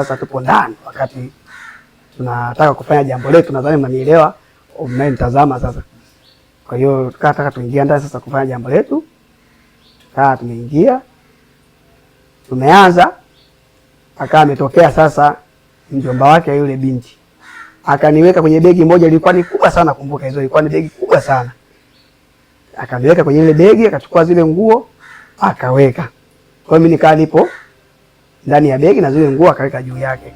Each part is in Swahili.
Sasa tupo ndani wakati tunataka kufanya jambo letu, nadhani mnanielewa mnanitazama sasa. Kwa hiyo tukataka tuingia ndani sasa kufanya jambo letu, kaa tumeingia, tumeanza. Akaa ametokea sasa mjomba wake yule binti, akaniweka kwenye begi moja, lilikuwa ni kubwa sana. Kumbuka hizo ilikuwa ni begi kubwa sana, akaniweka kwenye ile begi, akachukua zile nguo akaweka. Kwa hiyo mimi nikaa nipo ndani ya begi na zile nguo akaweka juu yake.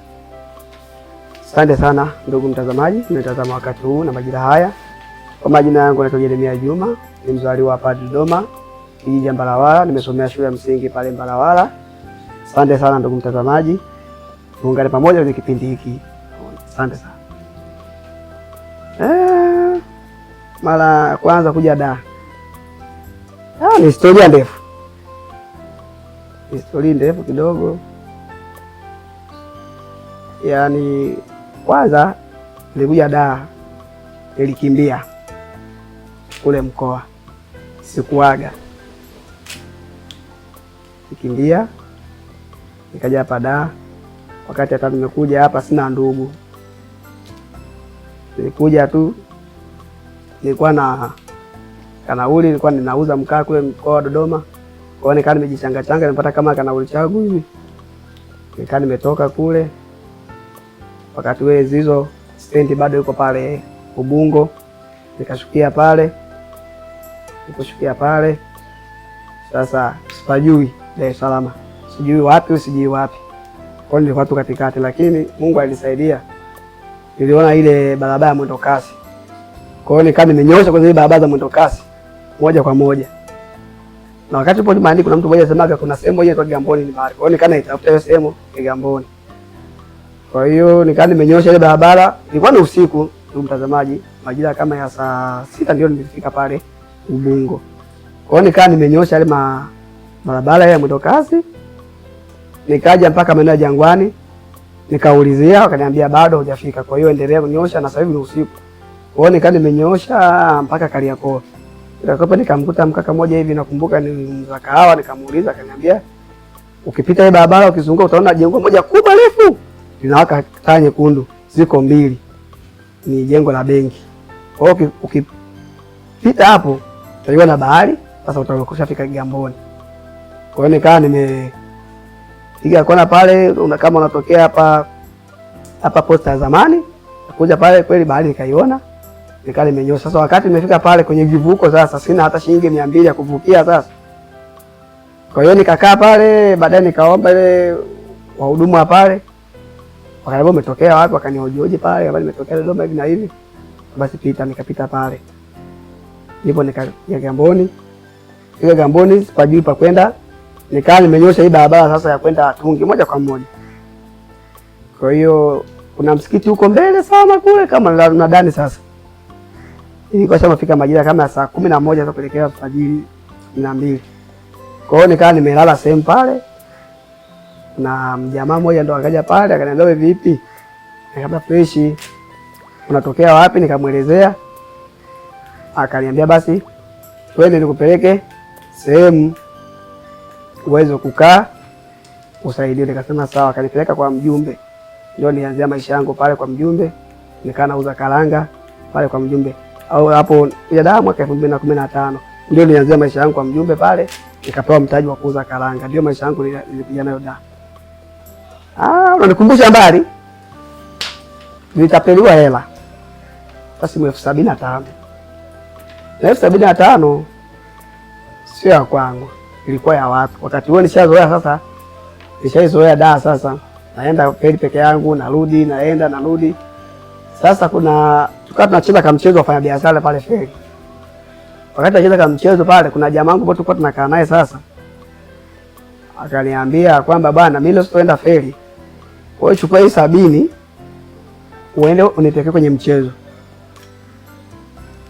Asante sana ndugu mtazamaji, unatazama wakati huu na majira haya. Kwa majina yangu naitwa Jeremia Juma, ni mzaliwa hapa Dodoma, kijiji cha Mbalawala. Nimesomea shule ya msingi pale Mbalawala. Asante sana ndugu mtazamaji, tuungane pamoja kwenye kipindi hiki. Asante sana. Eh, mara ya kwanza kuja Dar ah, ni historia ndefu, historia ndefu kidogo yani kwanza nilikuja daa nilikimbia kule mkoa, sikuaga, nikimbia nikaja hapa daa Wakati hata nimekuja hapa sina ndugu, nilikuja tu, nilikuwa na kanauli, nilikuwa ninauza mkaa kule mkoa wa Dodoma. kwao hiyo nikaa nimejichangachanga, nimepata kama kanauli changu hivi, nikaa nimetoka kule wakati wewe Zizo stendi bado yuko pale Ubungo, nikashukia pale, nikashukia pale. Sasa sipajui Dar es Salaam, sijui wapi, sijui wapi, kwa nilikuwa tu katikati, lakini Mungu alinisaidia, niliona ile barabara ya mwendo kasi. Kwa hiyo nikaa nimenyosha kwenye ile barabara za mwendo kasi moja kwa moja, na wakati hapo maandiko, kuna mtu mmoja anasemaga kuna sehemu moja inaitwa Kigamboni ni mahali. Kwa hiyo nikaa naitafuta hiyo sehemu Kigamboni kwa hiyo nikaa nimenyosha ile barabara, ilikuwa ni usiku, ndugu mtazamaji, majira kama ya saa sita ndio nilifika pale Ubungo. Kwa hiyo nikaa nimenyosha ile barabara ya mwendo nikaja mpaka maeneo ya Jangwani, nikaulizia wakaniambia bado hujafika, kwa hiyo endelea kunyosha na sasa hivi ni usiku. Kwa hiyo nikaa nimenyosha mpaka Kariakoo. Nikakopa nikamkuta mkaka mmoja hivi, nakumbuka ni kahawa, nikamuuliza akaniambia ukipita hii barabara ukizunguka utaona jengo moja kubwa refu linawaka taa nyekundu, ziko mbili, ni jengo la benki. Kwa hiyo ukipita hapo utaiona bahari, sasa fika Kigamboni. Kwa hiyo nikaa nimepiga kona pale, kama unatokea hapa hapa posta ya zamani, kuja pale kweli bahari nikaiona, nikaa nimenyosha. Sasa wakati nimefika pale kwenye kivuko, sasa sina hata shilingi mia mbili ya kuvukia sasa kwa hiyo nikakaa pale, baadaye nikaomba ile wahudumu wa pale wakaniambia umetokea wapi, wakanihojihoji pale, kama nimetokea Dodoma hivi na hivi, basi pita. Nikapita pale ndipo nikaja Gamboni. Ile Gamboni kwa juu pa kwenda, nikaa nimenyosha hii barabara sasa ya kwenda Tungi moja kwa moja. Kwa hiyo kuna msikiti huko mbele sana kule, kama nadhani sasa ilikuwa shamafika majira kama saa kumi na moja kuelekea alfajiri kumi na mbili. Kwa hiyo nikaa nimelala sehemu pale na mjamaa mmoja ndo akaja pale akaniambia, wewe vipi? Nikamwambia fresh. Unatokea wapi? Nikamwelezea, akaniambia basi twende nikupeleke sehemu uweze kukaa usaidie. Nikasema sawa. Akanipeleka kwa mjumbe, ndio nianzia maisha yangu pale kwa mjumbe, nikaa nauza karanga pale kwa mjumbe au hapo ya damu mwaka 2015 ndio nianzia maisha yangu kwa mjumbe pale, nikapewa mtaji wa kuuza karanga, ndio maisha yangu nilipigana nayo damu Ah, unanikumbusha mbali, nitapeliwa hela basi elfu sabini na tano na elfu sabini na tano sio ya kwangu, ilikuwa ya watu. Wakati huo nishazoea sasa, nishaizoea daa. Sasa naenda peli peke yangu, narudi, naenda, narudi. Sasa kuna tukawa tunacheza kama mchezo wafanya biashara pale feri. Wakati tunacheza kama mchezo pale, kuna jamaa wangu tulikuwa tunakaa naye sasa akaniambia kwamba bwana, mimi leo sitoenda feri, kwa hiyo chukua hii sabini uende unitekee kwenye mchezo.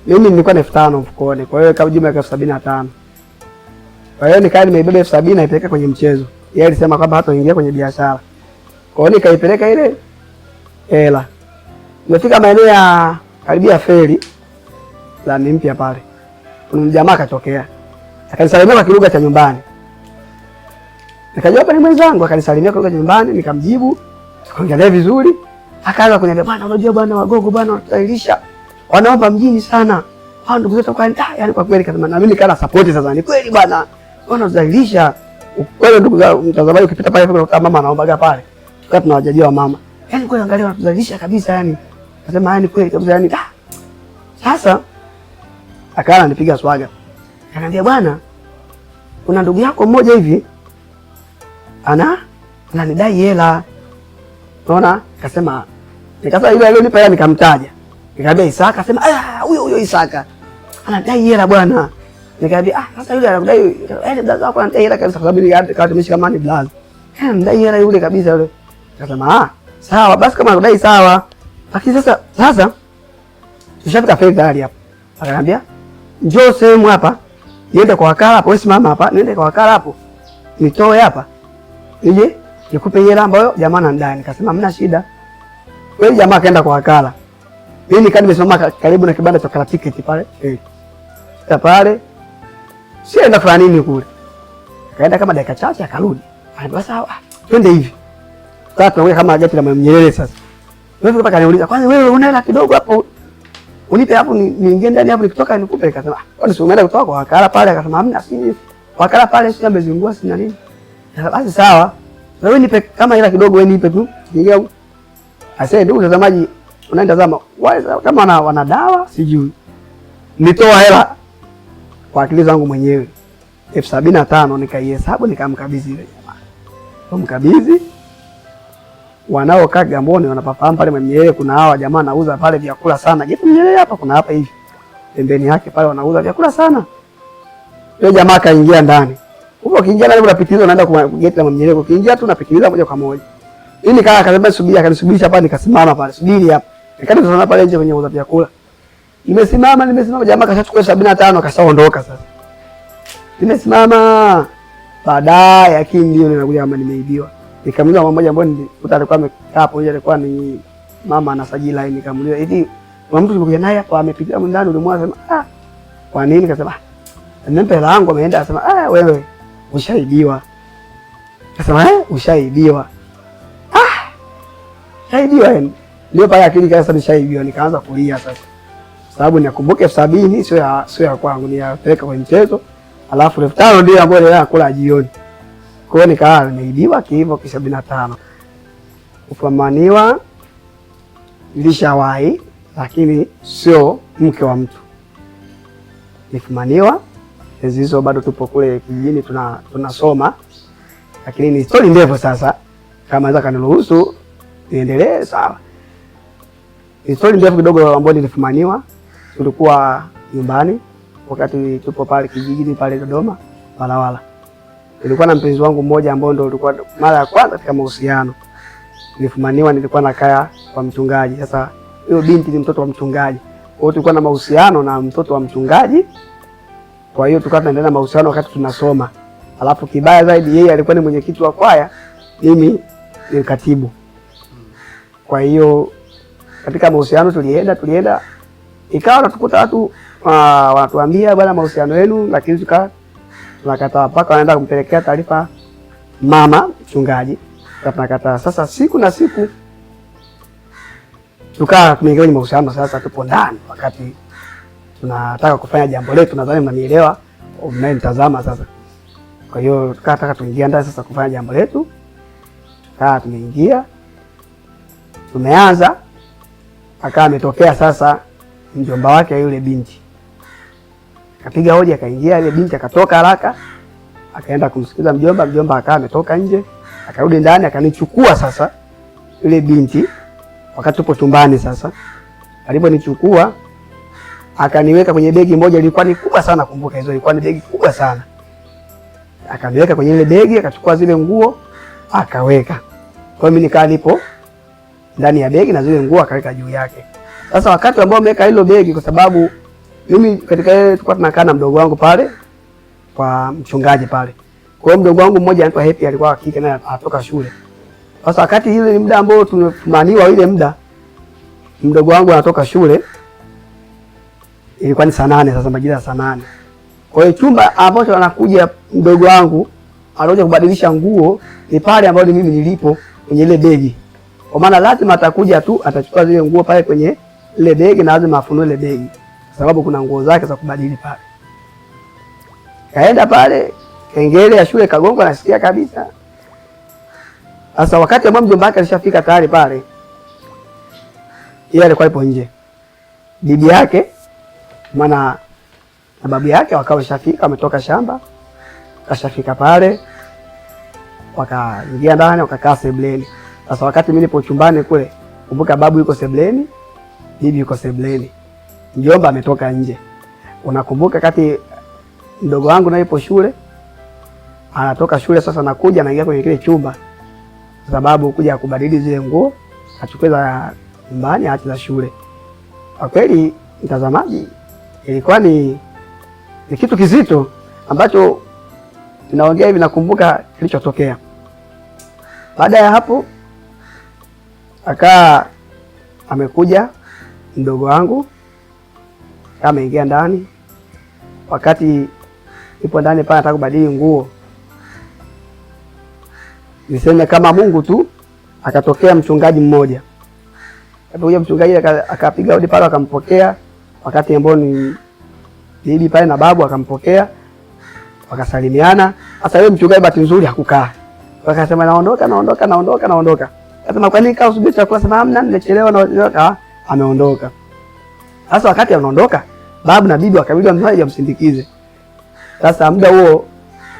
Mimi nilikuwa na elfu tano mfukoni, kwa hiyo kama jumla ya elfu sabini na tano kwa hiyo nikaa nimeibeba elfu sabini naipeleka kwenye mchezo. Yeye alisema kwamba hataingia kwenye biashara, kwa hiyo nikaipeleka ile hela. Nimefika maeneo ya karibia feri la mpya pale, kuna mjamaa akatokea akanisalimia kwa kilugha cha nyumbani Nikajua hapa ni mwenzangu, akanisalimia kwa nyumbani, nikamjibu, tukaongea naye vizuri. Akaanza kuniambia bwana, unajua bwana Wagogo bwana wanatailisha. Wanaomba mjini sana. Hao ndugu zetu kwa ah, yani kwa kweli kama na mimi kana support sasa. Ni kweli bwana. Wanatailisha. Kweli ndugu zangu, mtazamaji ukipita pale kwa mama anaombaga pale. Tukawa tunawajajia mama. yani kwa angalia wanatuzalisha kabisa yani. Nasema yani ah, kweli kabisa yani. Ah. Sasa akaanza akaananipiga swaga. Akaniambia bwana, kuna ndugu yako mmoja hivi ana ananidai hela, unaona. Akasema nikasema yule aliyonipa hela nikamtaja, nikamwambia Isaka. Akasema ah, huyo huyo Isaka anadai hela bwana. Nikamwambia ah, sasa yule anadai yule eh, blaza wako anadai hela kabisa, kwa sababu yeye kati mshika mani blaza eh, anadai hela yule kabisa yule. Akasema ah, sawa basi, kama anadai sawa, lakini sasa sasa tushafika fedha hali hapo. Akaniambia njoo sehemu hapa, niende kwa wakala hapo, wewe simama hapa, niende kwa wakala hapo, nitoe hapa ije nikupe hela ambayo jamaa na ndani. Kasema mna shida. Wewe jamaa akaenda kwa wakala. Mimi nikaa nimesimama karibu na kibanda cha kala tiketi pale. Eh. Ta pale. Sienda kwa nini kule? Kaenda kama dakika chache akarudi. Anambia sawa, twende hivi. Sasa tunakuja kama gati la Mwalimu sasa. Wewe mpaka kaniuliza, "Kwanza wewe una hela kidogo hapo? Unipe hapo niingie ndani hapo nikitoka nikupe." Akasema, ah, "Kwani si umeenda kutoka kwa wakala pale?" Akasema, "Hamna, si wakala pale si amezungua sina nini." Basi sawa. wewe nipe kama ila kidogo wewe nipe tu. Nigeu. Asa ndugu mtazamaji, unaitazama kama wana, wana dawa sijui. Nitoa hela kwa akili zangu mwenyewe. Elfu sabini na tano nikaihesabu nikamkabidhi yule jamaa. Kumkabidhi wanaokaa Gamboni wanapafahamu pale Manyerere kuna hawa jamaa nauza pale vyakula sana. Je, Manyerere hapa kuna hapa hivi. Pembeni yake pale wanauza vyakula sana. Yule jamaa kaingia ndani. Huko kiingia kuna pitizo naenda kwa geti la mwenyewe. Kiingia tu napitiliza moja kwa moja. Ili nikaa akasema subiri, akanisubirisha hapa nikasimama pale. Subiri hapa. Nikaenda tunaona pale nje kwenye uza vyakula. Nimesimama, nimesimama jamaa kashachukua 75 kashaondoka sasa. Nimesimama. Baadaye akini ndio ninakuja kama nimeibiwa. Nikamuuliza mama mmoja ambaye nilikuta alikuwa amekaa hapo nje alikuwa ni mama anasajili line nikamuuliza hivi kuna mtu ulikuja naye hapo amepitia mndani, ulimwaza sema ah kwa nini kasema ah, nimempa hela yangu ameenda asema ah wewe ushaibiwa. Kasema eh, ushaibiwa. Ah, shaibiwa yani. Ndio pale akili kasa nishaibiwa, nikaanza kulia sasa, sababu nakumbuka elfu sabini sio ya sio ya kwangu, niyapeleka kwenye mchezo, alafu elfu tano ndio ambayo nilala kula jioni. Kwa hiyo nikaa nimeibiwa kiivo kwa sabini na tano kupamaniwa nilishawahi, lakini sio mke wa mtu nifumaniwa enzi hizo bado tupo kule kijijini tuna tunasoma, lakini ni stori ndefu. Sasa kama naweza kaniruhusu niendelee, sawa. Ni stori ndefu kidogo ambayo nilifumaniwa. Tulikuwa nyumbani wakati tupo pale kijijini pale Dodoma Walawala, nilikuwa na mpenzi wangu mmoja ambao ndo ulikuwa mara ya kwanza katika mahusiano. Nilifumaniwa, nilikuwa nakaa kwa mchungaji. Sasa hiyo binti ni mtoto wa mchungaji, kwa hiyo tulikuwa na mahusiano na mtoto wa mchungaji kwa hiyo tukawa tunaendelea na mahusiano wakati tunasoma. Alafu kibaya zaidi, yeye alikuwa ni mwenyekiti wa kwaya, mimi ni katibu. Kwa hiyo katika mahusiano tulienda tulienda, ikawa wanatukuta watu ah, wanatuambia, bwana, mahusiano yenu, lakini tuka tunakataa, mpaka wanaenda kumpelekea taarifa mama mchungaji, tunakataa. Sasa siku na siku tukaa tumeingia kwenye mahusiano, sasa tupo ndani wakati tunataka kufanya jambo letu, nadhani mnanielewa mnanitazama sasa. Kwa hiyo tukataka tuingia ndani sasa kufanya jambo letu, kaa tumeingia, tumeanza. Akawa ametokea sasa mjomba wake yule binti, akapiga hoja, akaingia ile binti, akatoka haraka, akaenda kumsikiliza mjomba. Mjomba akawa ametoka nje, akarudi ndani, akanichukua sasa yule binti, wakati tupo chumbani sasa, aliponichukua akaniweka kwenye begi moja, ilikuwa ni kubwa sana, kumbuka hizo ilikuwa ni begi kubwa sana. Akaniweka kwenye ile begi, akachukua zile nguo akaweka. Kwa hiyo mimi nikaa nipo ndani ya begi na zile nguo akaweka juu yake. Sasa wakati ambao ameweka hilo begi, kwa sababu mimi katika ile tulikuwa tunakaa na mdogo wangu pale kwa mchungaji pale. Kwa hiyo mdogo wangu mmoja anaitwa Happy alikuwa akike naye anatoka shule. Sasa wakati ile ni muda ambao tumefumaniwa ile muda mdogo wangu anatoka shule ilikuwa ni saa nane sasa majira ya saa nane. Kwa hiyo chumba ambacho anakuja mdogo wangu anakuja kubadilisha nguo ni pale ambapo mimi nilipo kwenye ile begi, kwa maana lazima atakuja tu atachukua zile nguo pale kwenye ile begi na lazima afunue ile begi, sababu kuna nguo zake za kubadili pale. Kaenda pale, kengele ya shule kagonga, nasikia kabisa. Sasa wakati ambao mjomba wake alishafika tayari pale, yeye alikuwa ipo nje, bibi yake maana na babu yake wakawa shafika, wametoka shamba, kashafika pale, wakaingia ndani, wakakaa sebleni. Sasa wakati mimi nipo chumbani kule, kumbuka babu yuko sebleni, bibi yuko sebleni, mjomba ametoka nje. Unakumbuka kati mdogo wangu naye ipo shule, anatoka shule sasa, nakuja naingia kwenye kile chumba, sababu kuja kubadili zile nguo achukue za nyumbani aache za shule. Kwa kweli mtazamaji ilikuwa ni, ni kitu kizito ambacho tunaongea hivi, nakumbuka kilichotokea baada ya hapo. Akaa amekuja mdogo wangu ameingia ndani, wakati ipo ndani pale, nataka kubadili nguo, niseme kama Mungu tu, akatokea mchungaji mmoja, akapiga mchungaji, akapiga hodi pale, akampokea wakati ambao ni bibi pale na babu akampokea, wakasalimiana. Sasa yule mchungaji bahati nzuri hakukaa, wakasema naondoka, naondoka, naondoka, naondoka. Akasema kwa nini kaa usubiri chakula? Sema hamna, nimechelewa, naondoka. Ameondoka. Sasa wakati anaondoka, babu na bibi wakabidi mmoja amsindikize. Sasa muda huo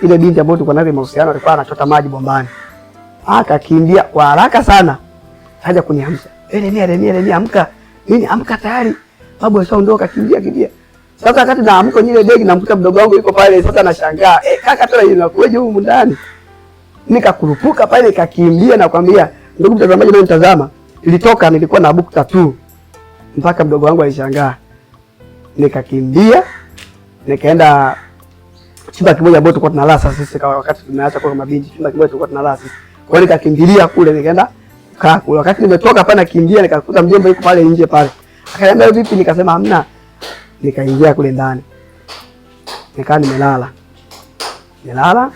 ile binti ambayo tulikuwa nayo mahusiano alikuwa anachota maji bombani, akakimbia kwa haraka sana, haja kuniamsha, ele ele ni ni ele ni amka nini, amka tayari babu ashaondoka, kimbia kimbia. Sasa wakati naamka ile begi namkuta mdogo wangu yuko pale, sasa nashangaa eh, kaka tola tena inakuwaje huko ndani? Nikakurupuka pale nikakimbia na kwambia, ndugu mtazamaji na mtazama, nilitoka nilikuwa na book tu mpaka mdogo wangu alishangaa. Nikakimbia nikaenda chumba kimoja ambacho tulikuwa tunalala sasa, sisi, kwa wakati tumeacha kwa mabinti, chumba kimoja tulikuwa tunalala sisi. Kwa hiyo nikakimbilia kule nikaenda kaa kule. Wakati nimetoka pale nakimbia nikakuta mjomba yuko pale nje pale. Akaniambia vipi? Nikasema hamna, nikaingia kule ndani nikaa nimelala nilala.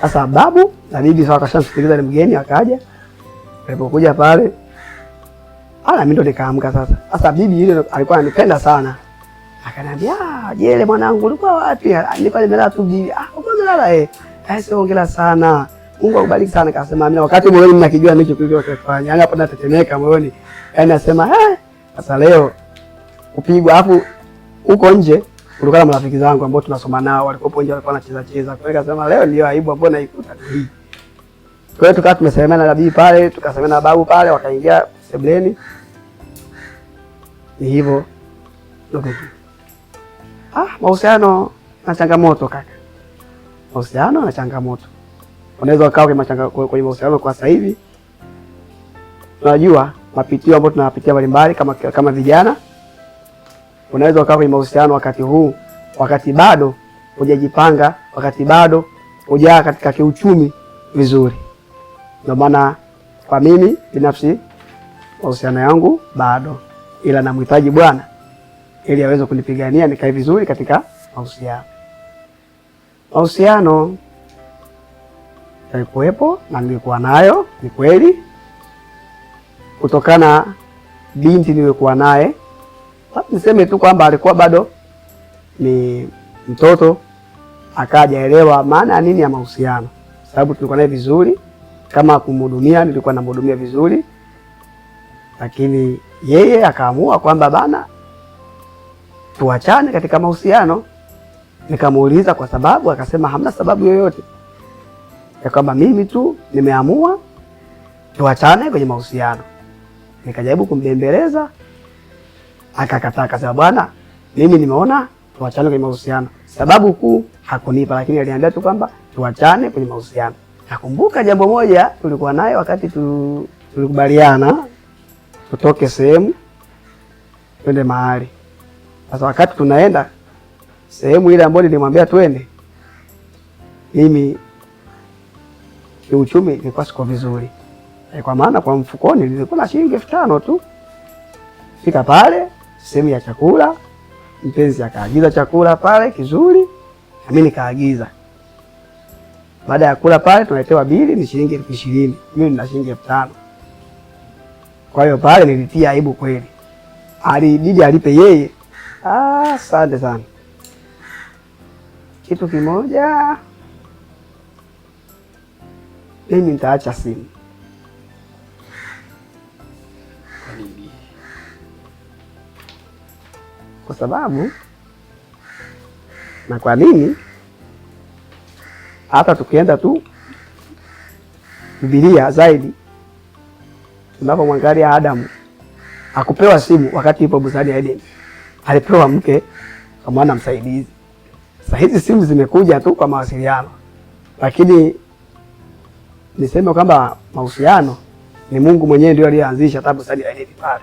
Sasa babu na bibi sawa, kashamsikiliza ni mgeni, akaja alipokuja pale ana ah, mimi ndo nikaamka sasa. Sasa bibi yule alikuwa ananipenda sana, akaniambia ah, Jele mwanangu, ulikuwa wapi? Nilikuwa nimelala tu bibi. Ah, uko nalala eh, basi ongea sana, Mungu akubariki sana. Kasema mimi wakati moyoni mnakijua nicho kilicho kufanya, yani hapo natetemeka moyoni Yaani nasema eh, sasa leo kupigwa alafu huko nje kulikuwa na marafiki zangu ambao tunasoma nao walikuwa nje walikuwa wanacheza cheza. Kwa hiyo kasema leo ndio aibu ambayo naikuta Kwa hiyo tukawa tumesemana na bibi pale, tukasemana na babu pale, wakaingia sebleni. Ni hivyo. Okay. Ah, mahusiano na changamoto kaka. Mahusiano na changamoto. Unaweza ukawa kwenye mahusiano kwa sasa hivi. Unajua mapitio ambayo tunayapitia mbalimbali kama, kama vijana. Unaweza ukawa kwenye mahusiano wakati huu, wakati bado hujajipanga, wakati bado hujaa katika kiuchumi vizuri. Ndio maana kwa mimi binafsi mahusiano yangu bado, ila namhitaji Bwana ili aweze kunipigania nikae vizuri katika mahusiano. Mahusiano yalikuwepo na nilikuwa nayo, ni kweli kutokana binti niliyokuwa naye, niseme tu kwamba alikuwa bado ni mtoto, akajaelewa maana ya nini ya mahusiano, sababu tulikuwa naye vizuri, kama kumhudumia, nilikuwa namhudumia vizuri, lakini yeye akaamua kwamba bana, tuachane katika mahusiano. Nikamuuliza kwa sababu, akasema hamna sababu yoyote ya kwamba mimi tu nimeamua tuachane kwenye mahusiano. Nikajaribu kumbembeleza akakataa, akasema bwana, mimi nimeona tuachane kwenye mahusiano. Sababu kuu hakunipa, lakini aliniambia tu kwamba tuachane kwenye mahusiano. Nakumbuka jambo moja tulikuwa naye wakati tu, tulikubaliana tutoke sehemu twende mahali. Sasa wakati tunaenda sehemu ile ambayo nilimwambia twende, mimi kiuchumi nilikuwa siko vizuri E, kwa maana kwa mfukoni nilikuwa na shilingi elfu tano tu. Fika pale sehemu ya chakula, mpenzi akaagiza chakula pale kizuri, nami nikaagiza. Baada ya kula pale, tunaletewa bili ni shilingi elfu ishirini mimi nina shilingi elfu tano Kwa hiyo pale nilitia aibu kweli, alibidi alipe yeye. Ah, asante ah, sana. Kitu kimoja, mimi nitaacha simu kwa sababu na kwa nini, hata tukienda tu Biblia zaidi, tunapomwangalia Adamu akupewa simu wakati ipo bustani ya Edeni, alipewa mke kwa maana msaidizi. Sasa hizi simu zimekuja tu kwa mawasiliano, lakini niseme kwamba mahusiano ni Mungu mwenyewe ndio aliyeanzisha tabu bustani ya Edeni pale.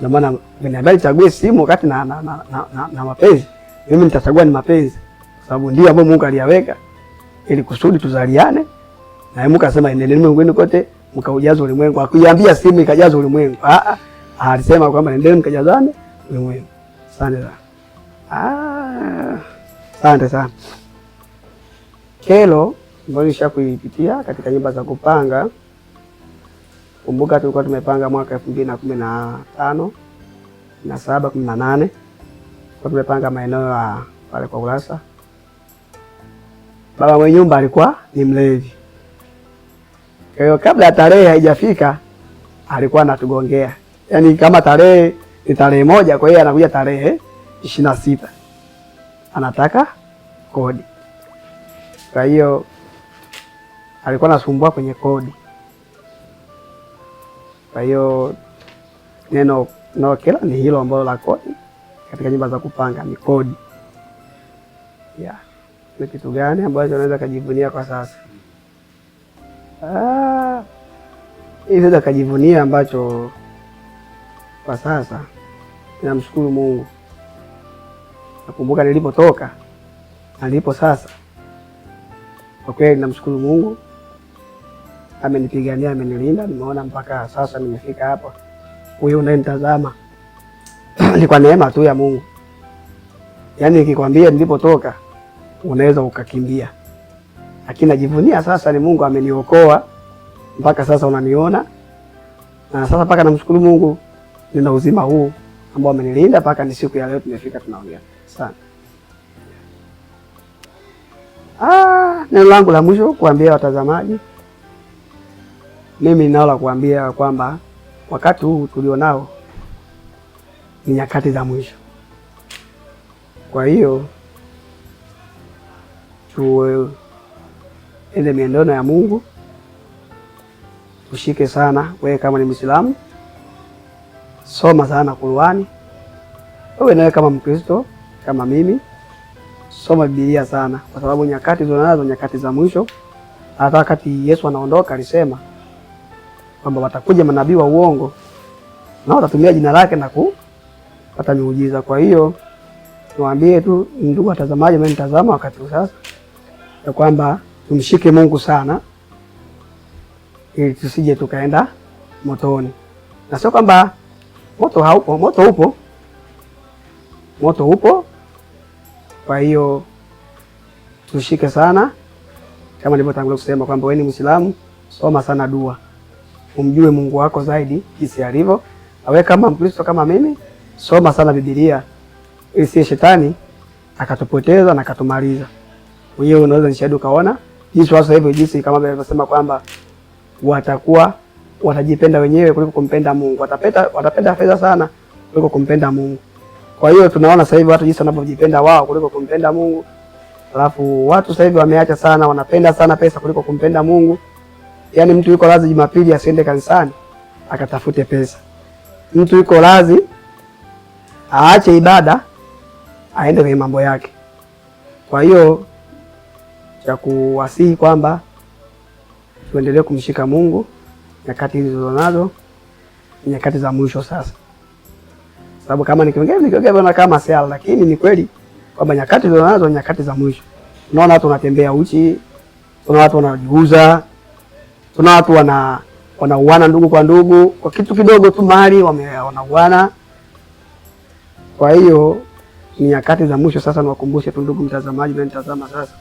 Ndio maana binadamu chague simu wakati na, na, na, na, na mapenzi. Mimi nitachagua ni mapenzi kwa sababu ndio ambayo Mungu aliyaweka ili kusudi tuzaliane, na Mungu akasema enendeni ulimwenguni kote mkaujaza ulimwengu. Hakuiambia simu ikajaza ulimwengu, ah ah, alisema kwamba nendeni mkajazane ulimwengu. Asante sana, ah, asante sana. Kero ambayo nishakuipitia katika nyumba za kupanga Kumbuka tulikuwa tumepanga mwaka elfu mbili na kumi na tano na saba kumi na nane tumepanga maeneo ya pale kwa urasa Baba mwenye nyumba alikuwa ni mlevi, kwa hiyo kabla ya tarehe haijafika alikuwa anatugongea, yaani kama tarehe ni tarehe moja, kwa hiyo anakuja tarehe ishirini na sita anataka kodi, kwa hiyo alikuwa anasumbua kwenye kodi kwa hiyo neno nokela ni hilo ambalo la kodi katika nyumba za kupanga ni kodi yeah. Ni kitu gani ambacho unaweza kujivunia kwa sasa? Ah, hivi kujivunia ambacho kwa sasa, ninamshukuru Mungu, nakumbuka nilipotoka nilipo sasa, kwa kweli namshukuru Mungu amenipigania, amenilinda, nimeona mpaka sasa nimefika hapo. Huyu unayemtazama ni kwa neema tu ya Mungu. Yaani nikikwambia nilipotoka unaweza ukakimbia, lakini najivunia sasa ni Mungu ameniokoa mpaka sasa unaniona, na sasa mpaka namshukuru Mungu nina uzima huu ambao amenilinda mpaka ni siku ya leo tumefika tunaongea sana. Ah, neno langu la mwisho kuambia watazamaji mimi nao la kuambia kwamba wakati huu tulionao ni nyakati za mwisho. Kwa hiyo tuende miendeno ya Mungu, tushike sana. Wewe kama ni Mwislamu, soma sana Qur'ani. Wewe nawe kama Mkristo kama mimi, soma Biblia sana, kwa sababu nyakati zonazo nyakati za mwisho. Hata wakati Yesu anaondoka alisema kwamba watakuja manabii wa uongo na watatumia jina lake na kupata miujiza. Kwa hiyo niwaambie tu ndugu watazamaji, mimi nitazama wakati sasa, ya kwamba tumshike Mungu sana ili tusije tukaenda motoni, na sio kwamba moto haupo. Moto upo, moto upo. Kwa hiyo tushike sana, kama nilivyotangulia kusema kwamba wewe ni Muislamu, soma sana dua umjue Mungu wako zaidi jinsi alivyo. Awe kama Mkristo kama mimi, soma sana Biblia ili si shetani akatupoteza na akatumaliza. Kwa hiyo unaweza nishahidi ukaona jinsi watu hivyo, jinsi kama vile alivyosema kwamba watakuwa watajipenda wenyewe kuliko kumpenda Mungu. Watapenda watapenda fedha sana kuliko kumpenda Mungu. Kwa hiyo tunaona sasa hivi watu jinsi wanavyojipenda wao kuliko kumpenda Mungu. Alafu watu sasa hivi wameacha sana, wanapenda sana pesa kuliko kumpenda Mungu yani mtu yuko lazi Jumapili asiende kanisani akatafute pesa. Mtu yuko lazi aache ibada aende kwenye mambo yake. Kwa hiyo cha kuwasihi kwamba tuendelee kumshika Mungu nyakati hizi ni nyakati za mwisho sasa, sababu kama nikiongea nikiongea bwana kama siala, lakini ni kweli kwamba nyakati ni nyakati za mwisho. Unaona watu wanatembea uchi, unaona watu wanajiuza Tuna watu wana wanauana ndugu kwa ndugu kwa kitu kidogo tu mali wanauana. Kwa hiyo ni nyakati za mwisho sasa. Niwakumbushe tu ndugu mtazamaji na nitazama sasa,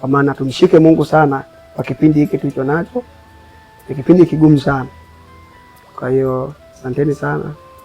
kwa maana tumshike Mungu sana kwa kipindi hiki tulicho nacho, ni kipindi kigumu sana. Kwa hiyo asanteni sana.